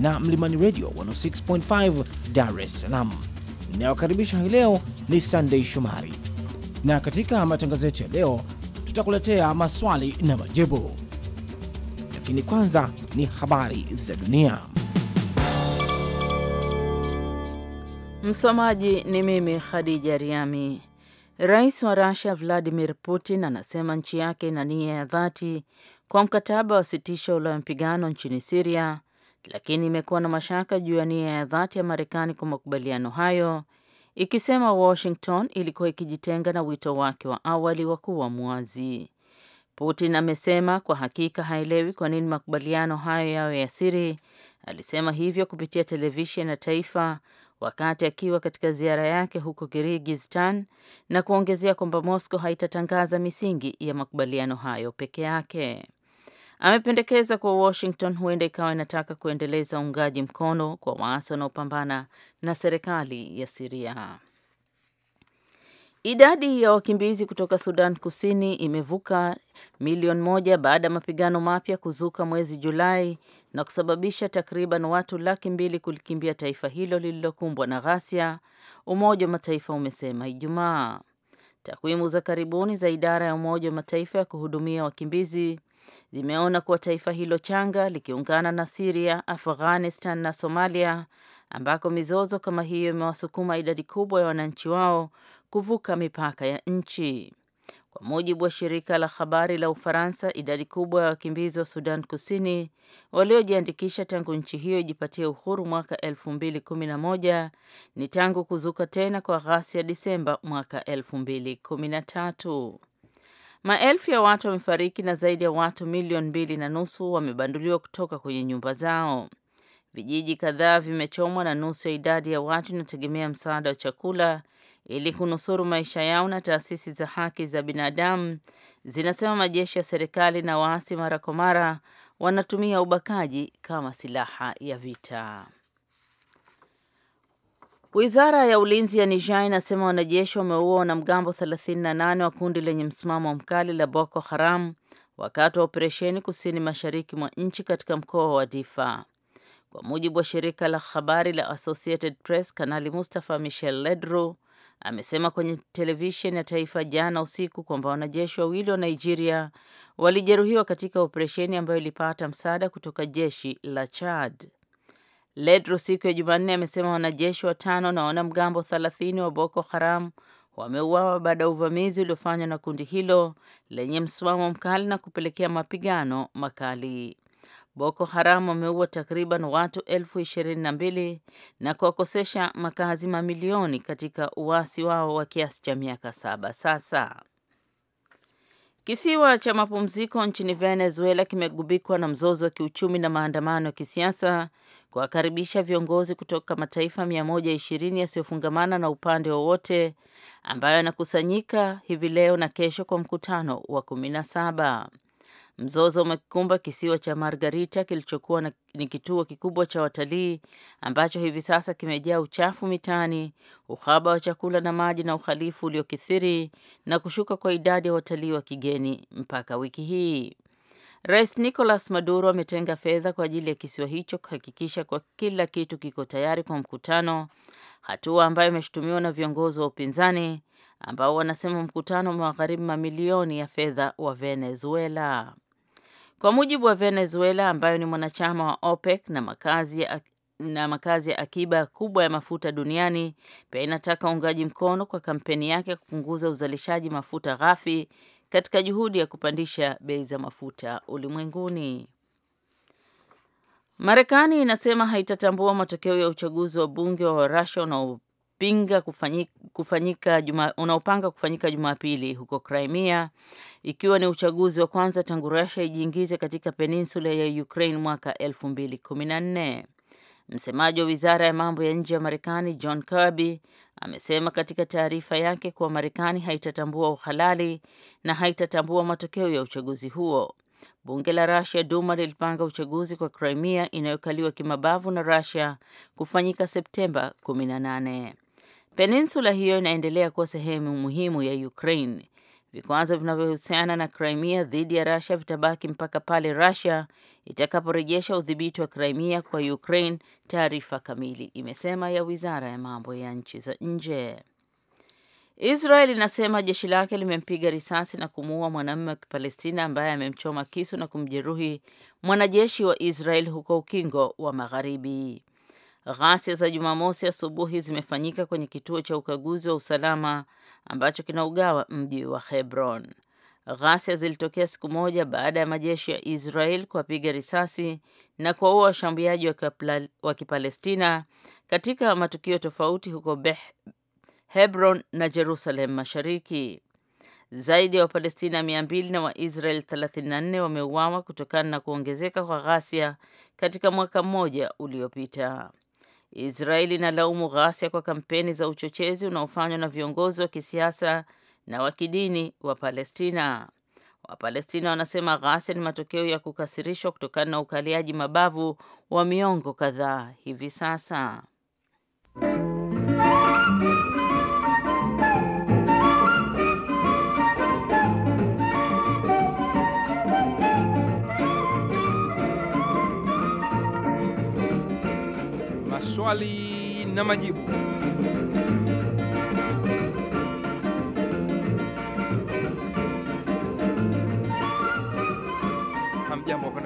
na Mlimani Radio 106.5 Dar es Salaam. Inayokaribisha hii leo ni Sunday Shomari, na katika matangazo yetu ya leo tutakuletea maswali na majibu, lakini kwanza ni habari za dunia. Msomaji ni mimi Khadija Riami. Rais wa Russia Vladimir Putin anasema nchi yake ina nia ya dhati kwa mkataba wa sitisho la mapigano nchini Siria lakini imekuwa na mashaka juu ya nia ya dhati ya Marekani kwa makubaliano hayo, ikisema Washington ilikuwa ikijitenga na wito wake wa awali wa kuwa mwazi. Putin amesema kwa hakika haelewi kwa nini makubaliano hayo yawe ya siri. Alisema hivyo kupitia televisheni ya taifa wakati akiwa katika ziara yake huko kirigistan na kuongezea kwamba Moscow haitatangaza misingi ya makubaliano hayo peke yake. Amependekeza kuwa Washington huenda ikawa inataka kuendeleza uungaji mkono kwa waasi wanaopambana na serikali ya Siria. Idadi ya wakimbizi kutoka Sudan Kusini imevuka milioni moja baada ya mapigano mapya kuzuka mwezi Julai na kusababisha takriban watu laki mbili kulikimbia taifa hilo lililokumbwa na ghasia, Umoja wa Mataifa umesema Ijumaa. Takwimu za karibuni za idara ya Umoja wa Mataifa ya kuhudumia wakimbizi zimeona kuwa taifa hilo changa likiungana na Siria, Afghanistan na Somalia ambako mizozo kama hiyo imewasukuma idadi kubwa ya wananchi wao kuvuka mipaka ya nchi. Kwa mujibu wa shirika la habari la Ufaransa, idadi kubwa ya wakimbizi wa Sudan Kusini waliojiandikisha tangu nchi hiyo ijipatie uhuru mwaka 2011 ni tangu kuzuka tena kwa ghasia Disemba mwaka 2013. Maelfu ya watu wamefariki na zaidi ya watu milioni mbili na nusu wamebanduliwa kutoka kwenye nyumba zao. Vijiji kadhaa vimechomwa na nusu ya idadi ya watu inategemea msaada wa chakula ili kunusuru maisha yao, na taasisi za haki za binadamu zinasema majeshi ya serikali na waasi mara kwa mara wanatumia ubakaji kama silaha ya vita. Wizara ya ulinzi ya Niger inasema wanajeshi wameua wanamgambo 38 wa kundi lenye msimamo mkali la Boko Haram wakati wa operesheni kusini mashariki mwa nchi katika mkoa wa Difa. Kwa mujibu wa shirika la habari la Associated Press, Kanali Mustafa Michel Ledru amesema kwenye televisheni ya taifa jana usiku kwamba wanajeshi wawili wa Nigeria walijeruhiwa katika operesheni ambayo ilipata msaada kutoka jeshi la Chad ledro siku ya Jumanne amesema wanajeshi watano na wanamgambo 30 wa Boko Haram wameuawa baada ya uvamizi uliofanywa na kundi hilo lenye msimamo mkali na kupelekea mapigano makali. Boko Haram wameua takriban watu elfu ishirini na mbili na kuwakosesha makazi mamilioni katika uasi wao wa kiasi cha miaka saba sasa. Kisiwa cha mapumziko nchini Venezuela kimegubikwa na mzozo wa kiuchumi na maandamano ya kisiasa kuwakaribisha viongozi kutoka mataifa 120 yasiyofungamana na upande wowote ambayo yanakusanyika hivi leo na kesho kwa mkutano wa 17. Mzozo umekumba kisiwa cha Margarita kilichokuwa ni kituo kikubwa cha watalii ambacho hivi sasa kimejaa uchafu mitaani, uhaba wa chakula na maji na uhalifu uliokithiri na kushuka kwa idadi ya watalii wa kigeni mpaka wiki hii. Rais Nicolas Maduro ametenga fedha kwa ajili ya kisiwa hicho kuhakikisha kwa kila kitu kiko tayari kwa mkutano, hatua ambayo imeshutumiwa na viongozi wa upinzani ambao wanasema mkutano umewagharimu mamilioni ya fedha wa Venezuela. Kwa mujibu wa Venezuela ambayo ni mwanachama wa OPEC na makazi ya na makazi ya akiba kubwa ya mafuta duniani pia inataka uungaji mkono kwa kampeni yake ya kupunguza uzalishaji mafuta ghafi katika juhudi ya kupandisha bei za mafuta ulimwenguni. Marekani inasema haitatambua matokeo ya uchaguzi wa bunge wa Russia na unaopinga kufanyika, kufanyika juma, unaopanga kufanyika Jumapili huko Crimea ikiwa ni uchaguzi wa kwanza tangu Russia ijiingize katika peninsula ya Ukraine mwaka 2014. Msemaji wa Wizara ya Mambo ya Nje ya Marekani John Kirby amesema katika taarifa yake kuwa Marekani haitatambua uhalali na haitatambua matokeo ya uchaguzi huo. Bunge la Russia Duma lilipanga uchaguzi kwa Crimea inayokaliwa kimabavu na Russia kufanyika Septemba 18. Peninsula hiyo inaendelea kuwa sehemu muhimu ya Ukraine. Vikwazo vinavyohusiana na Crimea dhidi ya Russia vitabaki mpaka pale Russia itakaporejesha udhibiti wa Crimea kwa Ukraine, taarifa kamili imesema ya Wizara ya Mambo ya Nchi za Nje. Israel inasema jeshi lake limempiga risasi na kumuua mwanamume wa Kipalestina ambaye amemchoma kisu na kumjeruhi mwanajeshi wa Israel huko Ukingo wa Magharibi. Ghasia za Jumamosi asubuhi zimefanyika kwenye kituo cha ukaguzi wa usalama ambacho kinaugawa mji wa Hebron. Ghasia zilitokea siku moja baada ya majeshi ya Israel kuwapiga risasi na kuwaua washambuliaji wa Kipalestina katika matukio tofauti huko Beh, Hebron na Jerusalem Mashariki. Zaidi ya wa Wapalestina 200 na Waisrael 34 wameuawa kutokana na kuongezeka kwa ghasia katika mwaka mmoja uliopita. Israeli inalaumu ghasia kwa kampeni za uchochezi unaofanywa na viongozi wa kisiasa na wa kidini wa Palestina. Wapalestina wanasema ghasia ni matokeo ya kukasirishwa kutokana na ukaliaji mabavu wa miongo kadhaa hivi sasa. ali me diga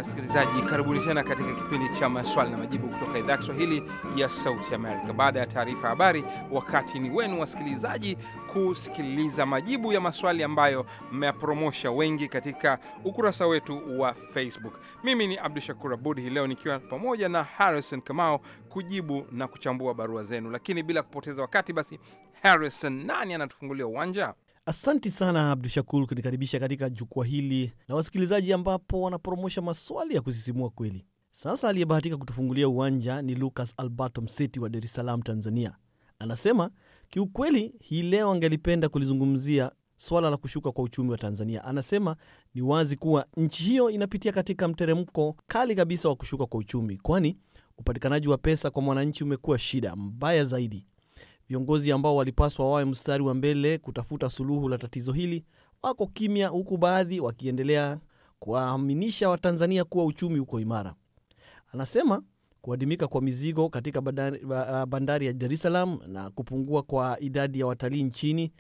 wasikilizaji, karibuni tena katika kipindi cha maswali na majibu kutoka idhaa ya Kiswahili ya Sauti Amerika. Baada ya taarifa ya habari, wakati ni wenu wasikilizaji kusikiliza majibu ya maswali ambayo mmeyapromosha wengi katika ukurasa wetu wa Facebook. Mimi ni Abdu Shakur Abud, hii leo nikiwa pamoja na Harrison Kamao kujibu na kuchambua barua zenu, lakini bila kupoteza wakati, basi Harrison, nani anatufungulia uwanja? Asanti sana Abdu Shakur kunikaribisha katika jukwaa hili la wasikilizaji, ambapo wanapromosha maswali ya kusisimua kweli. Sasa aliyebahatika kutufungulia uwanja ni Lucas Alberto Mseti wa Dar es Salaam, Tanzania. Anasema kiukweli, hii leo angelipenda kulizungumzia swala la kushuka kwa uchumi wa Tanzania. Anasema ni wazi kuwa nchi hiyo inapitia katika mteremko kali kabisa wa kushuka kwa uchumi, kwani upatikanaji wa pesa kwa mwananchi umekuwa shida mbaya zaidi. Viongozi ambao walipaswa wawe mstari wa mbele kutafuta suluhu la tatizo hili wako kimya, huku baadhi wakiendelea kuwaaminisha Watanzania kuwa uchumi uko imara. Anasema kuadimika kwa mizigo katika bandari ya Dar es Salaam na kupungua kwa idadi ya watalii nchini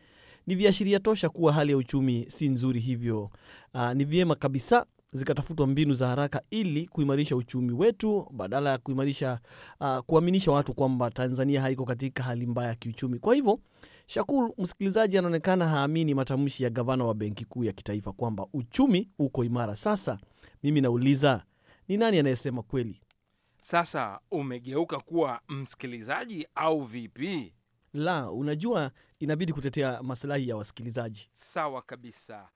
ni viashiria tosha kuwa hali ya uchumi si nzuri, hivyo uh, ni vyema kabisa zikatafutwa mbinu za haraka ili kuimarisha uchumi wetu badala ya kuimarisha uh, kuaminisha watu kwamba Tanzania haiko katika hali mbaya ya kiuchumi. Kwa hivyo, Shakul, msikilizaji anaonekana haamini matamshi ya gavana wa Benki Kuu ya Kitaifa kwamba uchumi uko imara. Sasa mimi nauliza, ni nani anayesema kweli? Sasa umegeuka kuwa msikilizaji au vipi? La, unajua inabidi kutetea masilahi ya wasikilizaji. Sawa kabisa.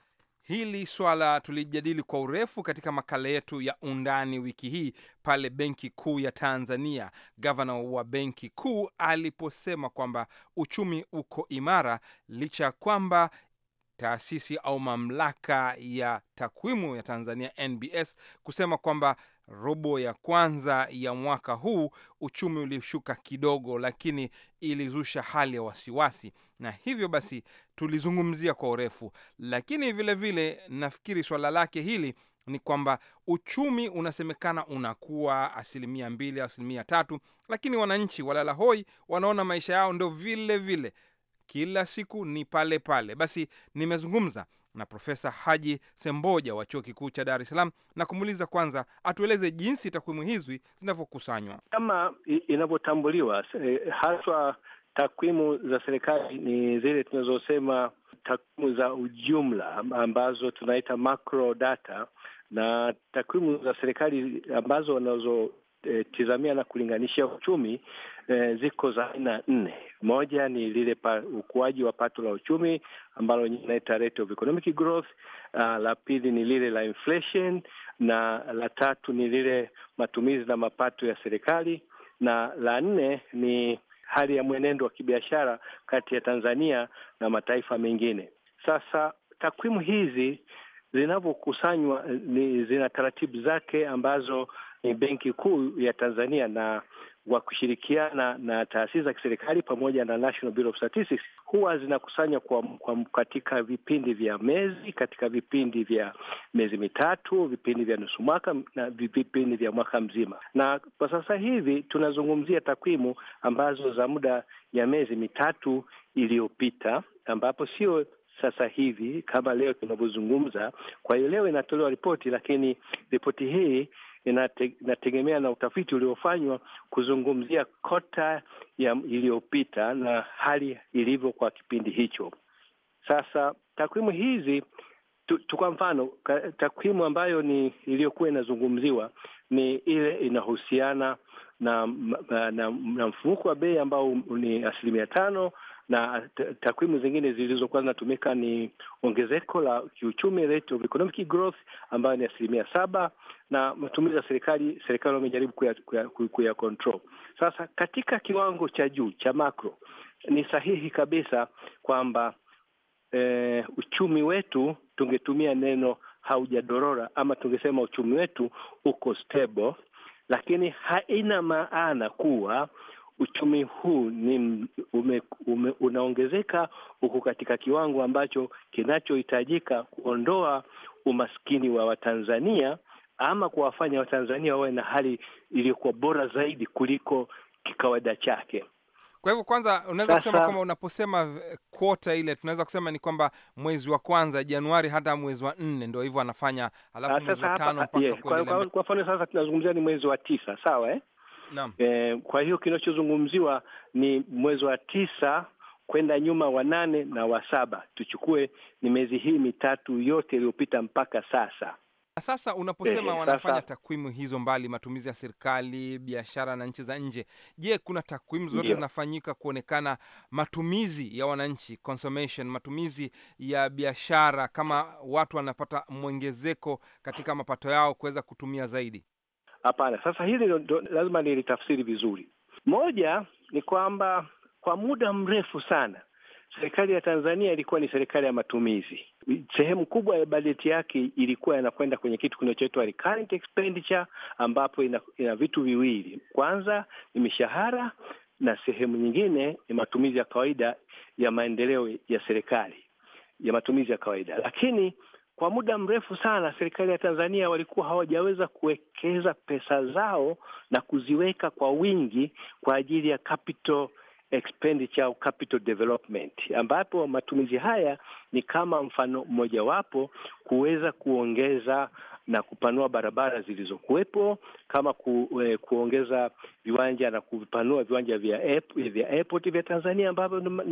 Hili swala tulijadili kwa urefu katika makala yetu ya undani wiki hii pale Benki Kuu ya Tanzania, gavana wa benki kuu aliposema kwamba uchumi uko imara licha ya kwamba taasisi au mamlaka ya takwimu ya Tanzania NBS kusema kwamba robo ya kwanza ya mwaka huu uchumi ulishuka kidogo, lakini ilizusha hali ya wasiwasi, na hivyo basi tulizungumzia kwa urefu. Lakini vilevile vile, nafikiri swala lake hili ni kwamba uchumi unasemekana unakuwa asilimia mbili, asilimia tatu, lakini wananchi walala hoi wanaona maisha yao ndo vile vile kila siku ni pale pale. Basi nimezungumza na Profesa Haji Semboja wa chuo kikuu cha Dar es Salaam na kumuuliza kwanza atueleze jinsi takwimu hizi zinavyokusanywa kama inavyotambuliwa. haswa takwimu za serikali ni zile tunazosema takwimu za ujumla ambazo tunaita macro data, na takwimu za serikali ambazo wanazotizamia e, na kulinganisha uchumi e, ziko za aina nne. Moja ni lile ukuaji wa pato la uchumi ambalo inaita rate of economic growth. Uh, la pili ni lile la inflation, na la tatu ni lile matumizi na mapato ya serikali, na la nne ni hali ya mwenendo wa kibiashara kati ya Tanzania na mataifa mengine. Sasa takwimu hizi zinavyokusanywa eh, zina taratibu zake ambazo ni Benki Kuu ya Tanzania na wa kushirikiana na taasisi za kiserikali pamoja na National Bureau of Statistics huwa zinakusanya kwa, kwa katika vipindi vya mezi, katika vipindi vya miezi mitatu, vipindi vya nusu mwaka na vipindi vya mwaka mzima. Na kwa sasa hivi tunazungumzia takwimu ambazo za muda ya miezi mitatu iliyopita, ambapo sio sasa hivi kama leo tunavyozungumza. Kwa hiyo leo inatolewa ripoti, lakini ripoti hii inategemea na utafiti uliofanywa kuzungumzia kota iliyopita na hali ilivyo kwa kipindi hicho. Sasa takwimu hizi tu, kwa mfano takwimu ambayo ni iliyokuwa inazungumziwa ni ile inahusiana na, na, na, na mfumuko wa bei ambao ni asilimia tano na takwimu zingine zilizokuwa zinatumika ni ongezeko la kiuchumi, rate of economic growth, ambayo ni asilimia saba na matumizi ya serikali serikali wamejaribu kuya control. Sasa katika kiwango cha juu cha macro, ni sahihi kabisa kwamba eh, uchumi wetu tungetumia neno haujadorora ama tungesema uchumi wetu uko stable, lakini haina maana kuwa uchumi huu ni ume, ume, unaongezeka huku katika kiwango ambacho kinachohitajika kuondoa umaskini wa Watanzania ama kuwafanya Watanzania wawe na hali iliyokuwa bora zaidi kuliko kikawaida chake. Kwa hivyo kwanza, unaweza kusema kwamba unaposema kuota eh, ile, tunaweza kusema ni kwamba mwezi wa kwanza Januari hata mwezi wa nne ndo hivyo anafanya, alafu ah, mwezi wa tano ah, mpaka. Kwa mfano sasa tunazungumzia ni mwezi wa tisa, sawa eh? E, kwa hiyo kinachozungumziwa ni mwezi wa tisa kwenda nyuma wa nane na wa saba, tuchukue ni miezi hii mitatu yote iliyopita mpaka sasa. Sasa unaposema e, wanafanya sasa, takwimu hizo mbali, matumizi ya serikali, biashara na nchi za nje, je, kuna takwimu zote zinafanyika kuonekana matumizi ya wananchi consumption, matumizi ya biashara, kama watu wanapata mwongezeko katika mapato yao kuweza kutumia zaidi? Hapana. Sasa hili do, lazima nilitafsiri vizuri. Moja ni kwamba kwa muda mrefu sana serikali ya Tanzania ilikuwa ni serikali ya matumizi. Sehemu kubwa ya bajeti yake ilikuwa inakwenda kwenye kitu kinachoitwa recurrent expenditure, ambapo ina, ina vitu viwili, kwanza ni mishahara na sehemu nyingine ni matumizi ya kawaida ya maendeleo ya serikali ya matumizi ya kawaida, lakini kwa muda mrefu sana serikali ya Tanzania walikuwa hawajaweza kuwekeza pesa zao na kuziweka kwa wingi kwa ajili ya capital expenditure au capital development, ambapo matumizi haya ni kama mfano mmojawapo kuweza kuongeza na kupanua barabara zilizokuwepo kama ku, eh, kuongeza viwanja na kupanua viwanja vya vya airport vya Tanzania ambavyo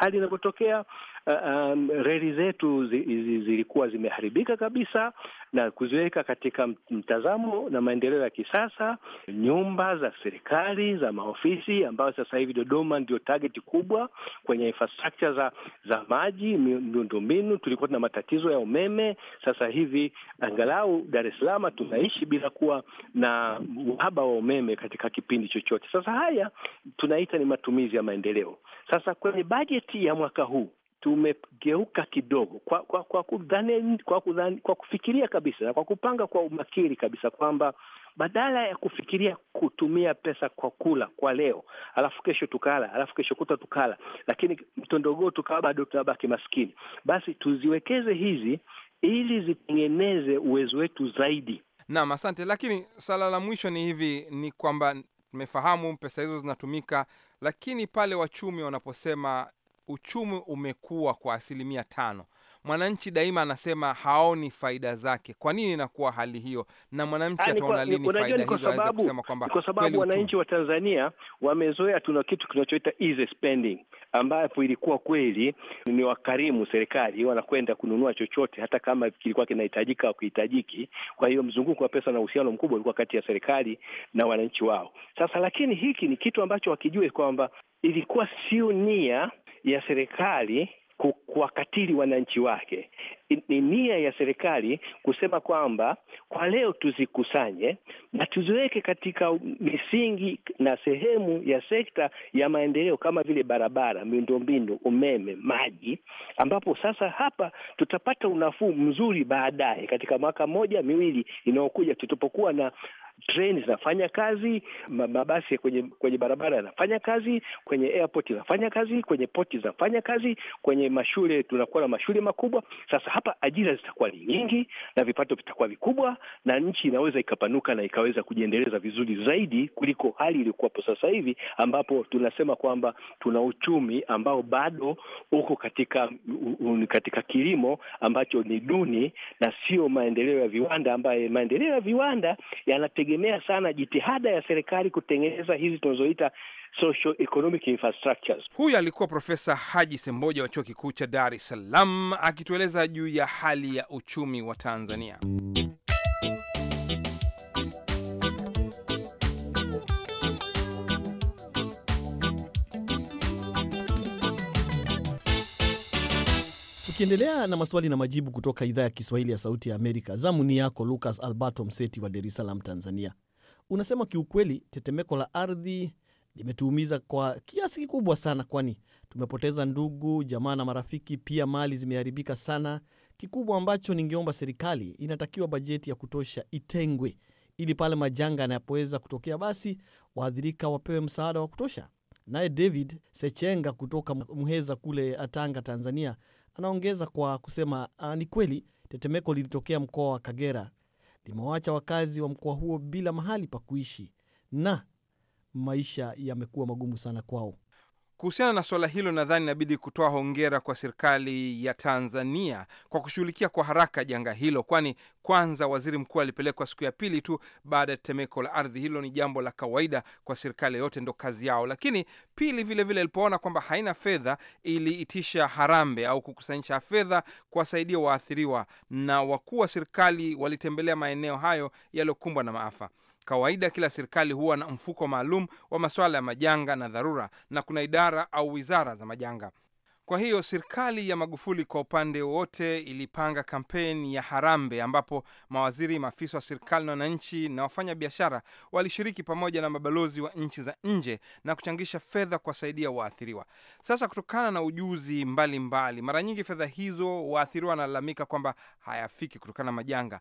hali inavyotokea. Uh, um, reli zetu zi, zi, zilikuwa zimeharibika kabisa na kuziweka katika mtazamo na maendeleo ya kisasa. Nyumba za serikali za maofisi ambayo sasa hivi Dodoma ndio target kubwa kwenye infrastructure za za maji, miundombinu. Tulikuwa tuna matatizo ya umeme, sasa hivi angalau au Dar es Salaam tunaishi bila kuwa na uhaba wa umeme katika kipindi chochote. Sasa haya tunaita ni matumizi ya maendeleo. Sasa kwenye bajeti ya mwaka huu tumegeuka kidogo kwa kwa kwa kudhani, kwa, kudhani, kwa kufikiria kabisa na kwa kupanga kwa umakini kabisa kwamba badala ya kufikiria kutumia pesa kwa kula kwa leo, alafu kesho tukala, alafu kesho kuta tukala, lakini mtondogoo tukawa bado tunabaki maskini, basi tuziwekeze hizi ili zitengeneze uwezo wetu zaidi. Naam, asante. Lakini swala la mwisho ni hivi, ni kwamba tumefahamu pesa hizo zinatumika, lakini pale wachumi wanaposema uchumi umekuwa kwa asilimia tano mwananchi daima anasema haoni faida zake. Kwa nini inakuwa hali hiyo? Na mwananchi ah, ataona lini faida hizo aweze kusema kwamba kwa sababu wananchi wa Tanzania wamezoea, tuna kitu kinachoita easy spending ambapo ilikuwa kweli ni wakarimu serikali, wanakwenda kununua chochote hata kama kilikuwa kinahitajika au kihitajiki. Kwa hiyo mzunguko wa pesa na uhusiano mkubwa ulikuwa kati ya serikali na wananchi wao. Sasa lakini hiki ni kitu ambacho wakijue kwamba ilikuwa sio nia ya serikali kuwakatili wananchi wake. Ni nia ya serikali kusema kwamba kwa leo tuzikusanye na tuziweke katika misingi na sehemu ya sekta ya maendeleo kama vile barabara, miundombinu, umeme, maji, ambapo sasa hapa tutapata unafuu mzuri baadaye katika mwaka moja miwili inayokuja tutapokuwa na treni zinafanya kazi, mabasi kwenye kwenye barabara yanafanya kazi, kwenye airport inafanya kazi, kwenye poti zinafanya kazi, kwenye mashule tunakuwa na mashule makubwa. Sasa hapa ajira zitakuwa ni nyingi na vipato vitakuwa vikubwa, na nchi inaweza ikapanuka na ikaweza kujiendeleza vizuri zaidi kuliko hali iliyokuwapo sasa hivi, ambapo tunasema kwamba tuna uchumi ambao bado uko katika un, katika kilimo ambacho ni duni na sio maendeleo ya viwanda, ambaye maendeleo ya viwanda yanate inategemea sana jitihada ya serikali kutengeneza hizi tunazoita economic infrastructures. Huyu alikuwa Profesa Haji Semboja wa Chuo Kikuu cha Dar es Salaam akitueleza juu ya hali ya uchumi wa Tanzania. Tukiendelea na maswali na majibu kutoka idhaa ya Kiswahili ya Sauti ya Amerika, zamu ni yako Lucas Alberto Mseti wa Dar es Salaam, Tanzania. Unasema kiukweli, tetemeko la ardhi limetuumiza kwa kiasi kikubwa sana, kwani tumepoteza ndugu, jamaa na marafiki, pia mali zimeharibika sana. Kikubwa ambacho ningeomba serikali, inatakiwa bajeti ya kutosha itengwe, ili pale majanga yanapoweza kutokea, basi waathirika wapewe msaada wa kutosha. Naye David Sechenga kutoka mheza kule Tanga, Tanzania Anaongeza kwa kusema uh, ni kweli tetemeko lilitokea mkoa wa Kagera, limewacha wakazi wa mkoa huo bila mahali pa kuishi na maisha yamekuwa magumu sana kwao. Kuhusiana na suala hilo, nadhani inabidi kutoa hongera kwa serikali ya Tanzania kwa kushughulikia kwa haraka janga hilo, kwani kwanza waziri mkuu alipelekwa siku ya pili tu baada ya tetemeko la ardhi. Hilo ni jambo la kawaida kwa serikali yote, ndo kazi yao. Lakini pili, vilevile vile kwamba haina fedha, iliitisha harambe au kukusanyisha fedha kuwasaidia waathiriwa, na wakuu wa serikali walitembelea maeneo hayo yaliyokumbwa na maafa. Kawaida kila serikali huwa na mfuko maalum wa masuala ya majanga na dharura, na kuna idara au wizara za majanga. Kwa hiyo serikali ya Magufuli kwa upande wote ilipanga kampeni ya harambe ambapo mawaziri, maafisa wa serikali na wananchi na wafanya biashara walishiriki pamoja na mabalozi wa nchi za nje na kuchangisha fedha kuwasaidia waathiriwa. Sasa kutokana na ujuzi mbalimbali, mara nyingi fedha hizo waathiriwa wanalalamika kwamba hayafiki kutokana na majanga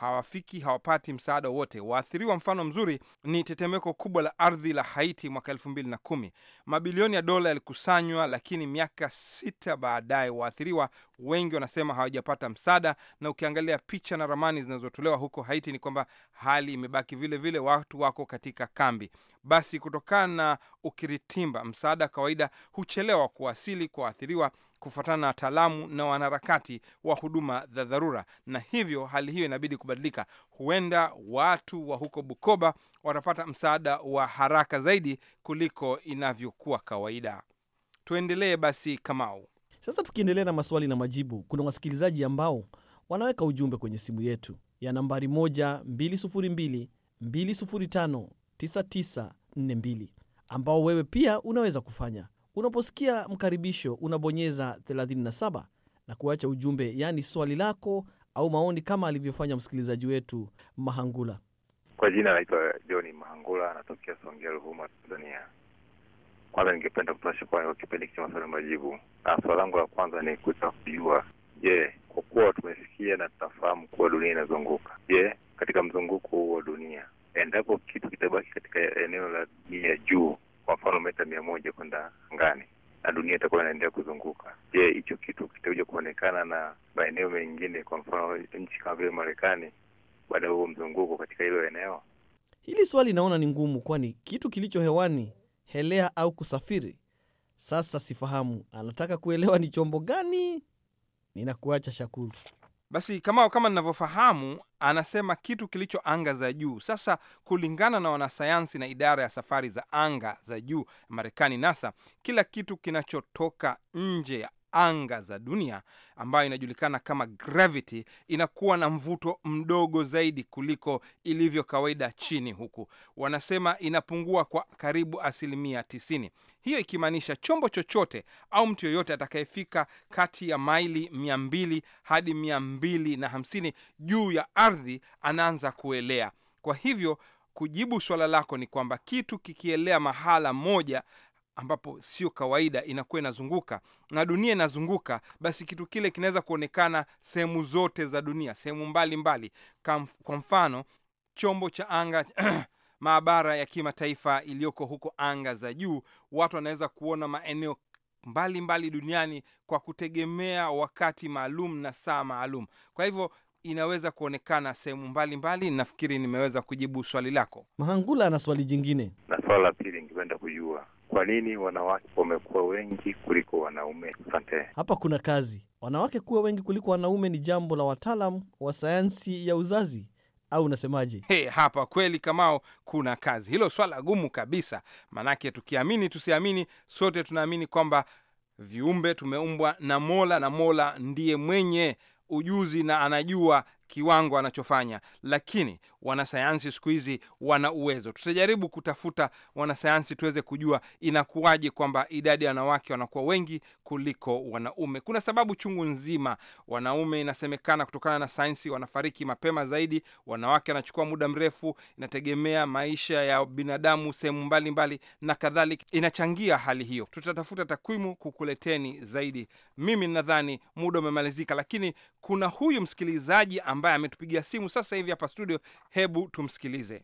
hawafiki, hawapati msaada wowote. Waathiriwa mfano mzuri ni tetemeko kubwa la ardhi la Haiti mwaka elfu mbili na kumi. Mabilioni ya dola yalikusanywa, lakini miaka sita baadaye waathiriwa wengi wanasema hawajapata msaada, na ukiangalia picha na ramani zinazotolewa huko Haiti ni kwamba hali imebaki vile vile, watu wako katika kambi. Basi kutokana na ukiritimba, msaada kawaida huchelewa kuwasili kwa waathiriwa kufuatana na wataalamu na wanaharakati wa huduma za dharura, na hivyo hali hiyo inabidi kubadilika. Huenda watu wa huko Bukoba watapata msaada wa haraka zaidi kuliko inavyokuwa kawaida. Tuendelee basi, Kamau. Sasa tukiendelea na maswali na majibu, kuna wasikilizaji ambao wanaweka ujumbe kwenye simu yetu ya nambari 12022059942 ambao wewe pia unaweza kufanya Unaposikia mkaribisho unabonyeza 37 na kuacha ujumbe, yaani swali lako au maoni, kama alivyofanya msikilizaji wetu Mahangula. Kwa jina naitwa John Mahangula, anatokea Songea, ruhuma Tanzania. Kwanza ningependa kutoa shukrani kwa kipindi cha maswali majibu, na ah, swali langu la kwanza ni kutaka kujua, je, kwa kuwa tumesikia na tunafahamu kuwa dunia inazunguka, je, katika mzunguko huu wa dunia, endapo kitu kitabaki katika eneo la dunia juu kwa mfano meta mia moja kwenda angani na dunia itakuwa inaendelea kuzunguka. Je, hicho kitu kitakuja kuonekana na maeneo mengine, kwa mfano nchi kama vile Marekani, baada ya huo mzunguko katika hilo eneo? Hili swali naona ni ngumu, kwani kitu kilicho hewani helea au kusafiri. Sasa sifahamu anataka kuelewa ni chombo gani. Ninakuacha Shakuru. Basi kama kama ninavyofahamu, anasema kitu kilicho anga za juu. Sasa kulingana na wanasayansi na idara ya safari za anga za juu Marekani, NASA, kila kitu kinachotoka nje ya anga za dunia ambayo inajulikana kama gravity inakuwa na mvuto mdogo zaidi kuliko ilivyo kawaida chini huku. Wanasema inapungua kwa karibu asilimia 90. Hiyo ikimaanisha chombo chochote au mtu yoyote atakayefika kati ya maili 200 hadi 250 juu ya ardhi anaanza kuelea. Kwa hivyo kujibu suala lako ni kwamba kitu kikielea mahala moja ambapo sio kawaida, inakuwa inazunguka na dunia inazunguka, basi kitu kile kinaweza kuonekana sehemu zote za dunia, sehemu mbalimbali. Kwa mfano chombo cha anga maabara ya kimataifa iliyoko huko anga za juu, watu wanaweza kuona maeneo mbalimbali mbali duniani kwa kutegemea wakati maalum na saa maalum. Kwa hivyo inaweza kuonekana sehemu mbalimbali. Nafikiri nimeweza kujibu swali lako. Mahangula ana swali jingine, na swala la pili ningependa kujua kwa nini wanawake wamekuwa wengi kuliko wanaume? Asante. Hapa kuna kazi. Wanawake kuwa wengi kuliko wanaume ni jambo la wataalam wa sayansi ya uzazi au unasemaje? Hey, hapa kweli Kamao, kuna kazi. Hilo swala gumu kabisa, maanake tukiamini tusiamini, sote tunaamini kwamba viumbe tumeumbwa na Mola na Mola ndiye mwenye ujuzi na anajua kiwango anachofanya, lakini wanasayansi siku hizi wana uwezo. Tutajaribu kutafuta wanasayansi tuweze kujua inakuwaje kwamba idadi ya wanawake wanakuwa wengi kuliko wanaume. Kuna sababu chungu nzima. Wanaume inasemekana, kutokana na sayansi, wanafariki mapema zaidi, wanawake anachukua muda mrefu, inategemea maisha ya binadamu sehemu mbalimbali na kadhalika, inachangia hali hiyo. Tutatafuta takwimu kukuleteni zaidi. Mimi nadhani muda umemalizika, lakini kuna huyu msikilizaji ambaye ametupigia simu sasa hivi hapa studio. Hebu tumsikilize.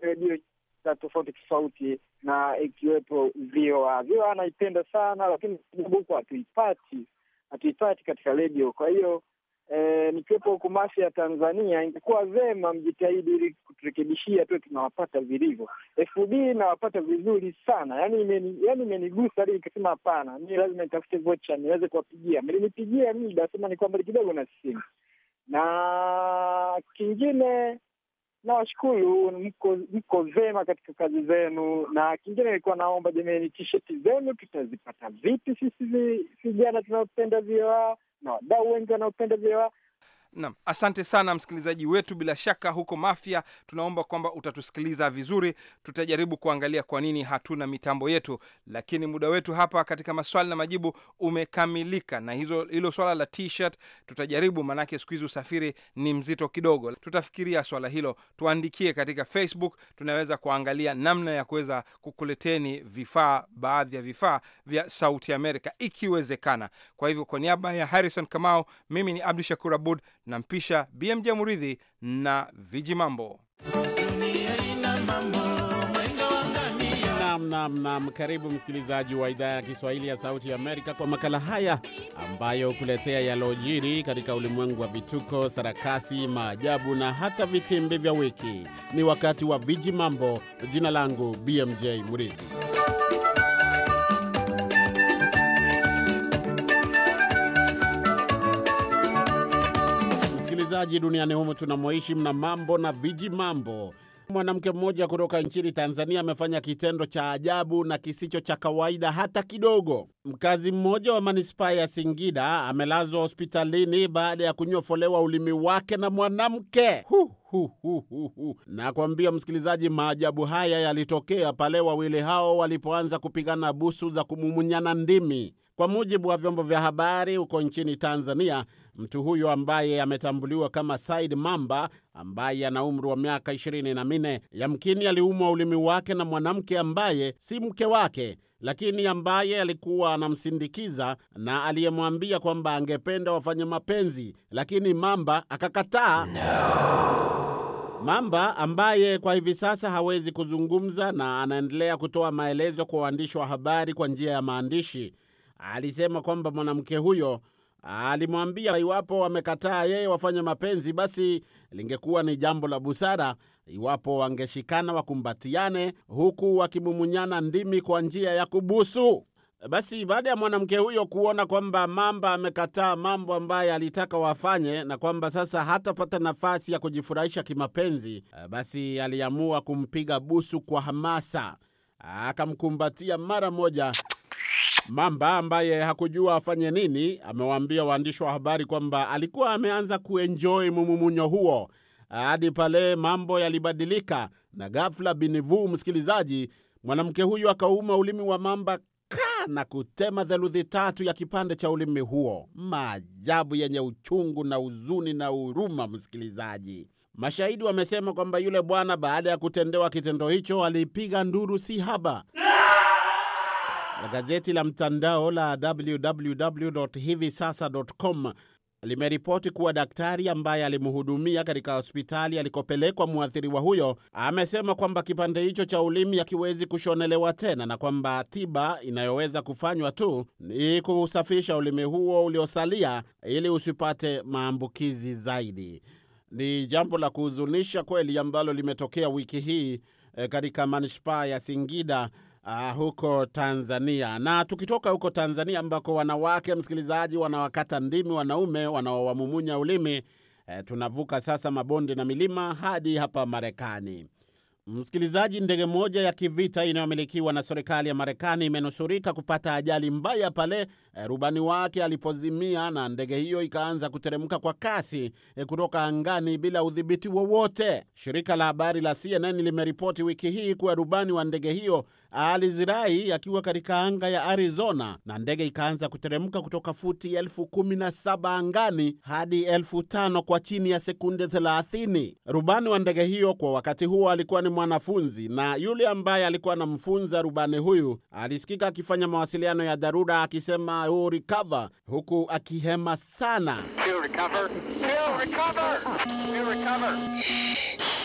redio za tofauti tofauti na ikiwepo VOA. VOA anaipenda sana, lakini sababu huko hatuipati, hatuipati katika redio. Kwa hiyo e, nikiwepo huku Mafia ya Tanzania, ingekuwa vema mjitahidi ili kuturekebishia tu tunawapata vilivyo. FB nawapata vizuri sana, yani yaani imenigusa yani hadi nikasema hapana, mi lazima nitafute vocha niweze kuwapigia. Mlinipigia mida sema ni kwamba kidogo na simu na kingine nawashukuru, mko mko vema katika kazi zenu. Na kingine nilikuwa naomba jameni, tisheti zenu tutazipata vipi sisi vijana tunaopenda vioa na wadau wengi wanaopenda vioa? Naam, asante sana msikilizaji wetu. Bila shaka huko Mafia, tunaomba kwamba utatusikiliza vizuri. Tutajaribu kuangalia kwa nini hatuna mitambo yetu, lakini muda wetu hapa katika maswali na majibu umekamilika, na hizo hilo swala la t-shirt tutajaribu, maanake siku hizi usafiri ni mzito kidogo. Tutafikiria swala hilo, tuandikie katika Facebook, tunaweza kuangalia namna ya kuweza kukuleteni vifaa, baadhi ya vifaa vya Sauti Amerika ikiwezekana. Kwa hivyo, kwa niaba ya Harrison Kamau, mimi ni Abdu Shakur Abud na mpisha BMJ Muridhi na viji mambo Namnamnam nam. Karibu msikilizaji wa idhaa ya Kiswahili ya Sauti ya Amerika kwa makala haya ambayo kuletea yalojiri katika ulimwengu wa vituko, sarakasi, maajabu na hata vitimbi vya wiki. Ni wakati wa viji mambo. Jina langu BMJ Muridhi. msikilizaji, duniani humu tunamoishi mna mambo na viji mambo. Mwanamke mmoja kutoka nchini Tanzania amefanya kitendo cha ajabu na kisicho cha kawaida hata kidogo. Mkazi mmoja wa manispaa ya Singida amelazwa hospitalini baada ya kunyofolewa ulimi wake na mwanamke. nakuambia Nakwambia msikilizaji, maajabu haya yalitokea pale wawili hao walipoanza kupigana busu za kumumunyana ndimi. Kwa mujibu wa vyombo vya habari huko nchini Tanzania, Mtu huyo ambaye ametambuliwa kama Said Mamba, ambaye ana umri wa miaka 24, yamkini aliumwa ulimi wake na mwanamke ambaye si mke wake, lakini ambaye alikuwa anamsindikiza na aliyemwambia kwamba angependa wafanye mapenzi, lakini Mamba akakataa no. Mamba ambaye kwa hivi sasa hawezi kuzungumza na anaendelea kutoa maelezo kwa waandishi wa habari kwa njia ya maandishi, alisema kwamba mwanamke huyo Alimwambia iwapo wamekataa yeye wafanye mapenzi, basi lingekuwa ni jambo la busara iwapo wangeshikana wakumbatiane, huku wakimumunyana ndimi kwa njia ya kubusu. Basi baada ya mwanamke huyo kuona kwamba mamba amekataa mambo ambaye alitaka wafanye na kwamba sasa hatapata nafasi ya kujifurahisha kimapenzi, basi aliamua kumpiga busu kwa hamasa, akamkumbatia mara moja Mamba ambaye hakujua afanye nini, amewaambia waandishi wa habari kwamba alikuwa ameanza kuenjoi mumumunyo huo hadi pale mambo yalibadilika, na ghafla binivu, msikilizaji, mwanamke huyu akauma ulimi wa mamba na kutema theluthi tatu ya kipande cha ulimi huo. Maajabu yenye uchungu na huzuni na huruma, msikilizaji. Mashahidi wamesema kwamba yule bwana baada ya kutendewa kitendo hicho alipiga nduru si haba Gazeti la mtandao la com limeripoti kuwa daktari ambaye alimhudumia katika hospitali alikopelekwa mwathiriwa huyo amesema kwamba kipande hicho cha ulimi hakiwezi kushonelewa tena na kwamba tiba inayoweza kufanywa tu ni kusafisha ulimi huo uliosalia ili usipate maambukizi zaidi. Ni jambo la kuhuzunisha kweli ambalo limetokea wiki hii eh, katika manispaa ya Singida uh, huko Tanzania. Na tukitoka huko Tanzania ambako wanawake msikilizaji wanawakata ndimi wanaume wanaowamumunya ulimi eh, tunavuka sasa mabonde na milima hadi hapa Marekani. Msikilizaji, ndege moja ya kivita inayomilikiwa na serikali ya Marekani imenusurika kupata ajali mbaya pale Eh, rubani wake alipozimia na ndege hiyo ikaanza kuteremka kwa kasi eh, kutoka angani bila udhibiti wowote. Shirika la habari la CNN limeripoti wiki hii kuwa rubani wa ndege hiyo alizirai akiwa katika anga ya Arizona na ndege ikaanza kuteremka kutoka futi elfu kumi na saba angani hadi elfu tano kwa chini ya sekunde 30. Rubani wa ndege hiyo kwa wakati huo alikuwa ni mwanafunzi, na yule ambaye alikuwa anamfunza rubani huyu alisikika akifanya mawasiliano ya dharura akisema He'll recover, huku akihema sana. He'll recover. He'll recover. He'll recover.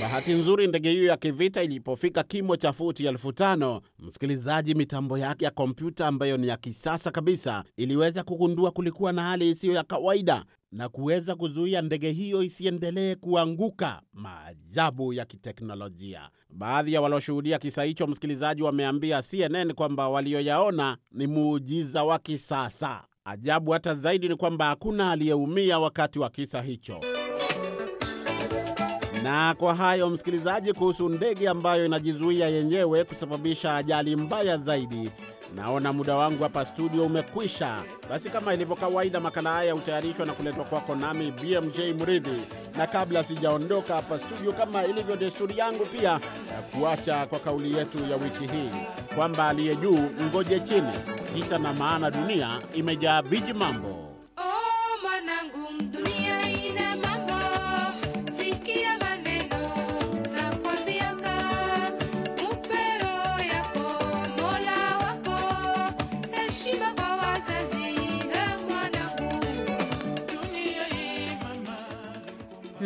Bahati nzuri ndege hiyo ya kivita ilipofika kimo cha futi elfu tano, msikilizaji, mitambo yake ya kompyuta ambayo ni ya kisasa kabisa iliweza kugundua kulikuwa na hali isiyo ya kawaida na kuweza kuzuia ndege hiyo isiendelee kuanguka. Maajabu ya kiteknolojia. Baadhi ya walioshuhudia kisa hicho, msikilizaji, wameambia CNN kwamba walioyaona ni muujiza wa kisasa. Ajabu hata zaidi ni kwamba hakuna aliyeumia wakati wa kisa hicho. Na kwa hayo msikilizaji, kuhusu ndege ambayo inajizuia yenyewe kusababisha ajali mbaya zaidi, naona muda wangu hapa studio umekwisha. Basi kama ilivyo kawaida, makala haya hutayarishwa na kuletwa kwako nami BMJ Mridhi, na kabla sijaondoka hapa studio, kama ilivyo desturi yangu, pia na kuacha kwa kauli yetu ya wiki hii kwamba aliye juu ngoje chini, kisha na maana dunia imejaa viji mambo.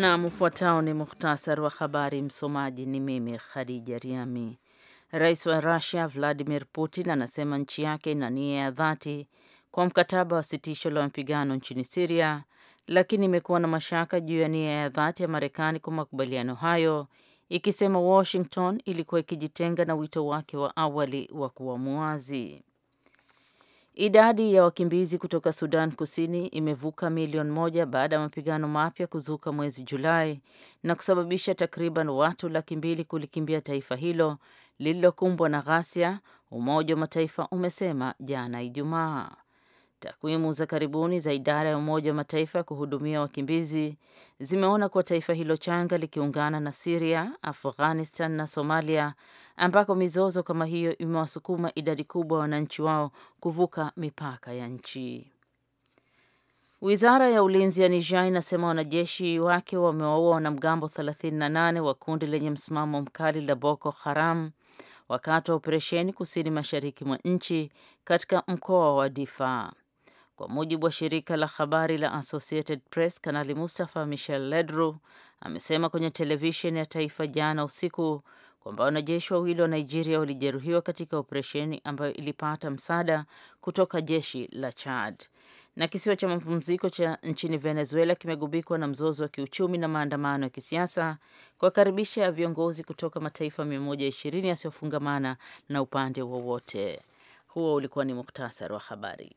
Na mfuatao ni muhtasari wa habari. Msomaji ni mimi Khadija Riami. Rais wa rusia Vladimir Putin anasema nchi yake ina nia ya dhati kwa mkataba wa sitisho la mapigano nchini Siria, lakini imekuwa na mashaka juu ya nia ya dhati ya Marekani kwa makubaliano hayo, ikisema Washington ilikuwa ikijitenga na wito wake wa awali wa kuwa muwazi. Idadi ya wakimbizi kutoka Sudan Kusini imevuka milioni moja baada ya mapigano mapya kuzuka mwezi Julai na kusababisha takriban watu laki mbili kulikimbia taifa hilo lililokumbwa na ghasia, Umoja wa Mataifa umesema jana Ijumaa. Takwimu za karibuni za idara ya Umoja wa Mataifa ya kuhudumia wakimbizi zimeona kuwa taifa hilo changa likiungana na Siria, Afghanistan na Somalia ambako mizozo kama hiyo imewasukuma idadi kubwa ya wananchi wao kuvuka mipaka ya nchi. Wizara ya Ulinzi ya Niger inasema wanajeshi wake wamewaua wanamgambo 38 wa kundi lenye msimamo mkali la Boko Haram wakati wa operesheni kusini mashariki mwa nchi katika mkoa wa Difa. Kwa mujibu wa shirika la habari la Associated Press, Kanali Mustafa Michel Ledru amesema kwenye televisheni ya taifa jana usiku kwamba wanajeshi wawili wa Nigeria walijeruhiwa katika operesheni ambayo ilipata msaada kutoka jeshi la Chad. Na kisiwa cha mapumziko cha nchini Venezuela kimegubikwa na mzozo wa kiuchumi na maandamano ya kisiasa kuwakaribisha viongozi kutoka mataifa 120 yasiyofungamana na upande wowote. Huo ulikuwa ni muktasari wa habari.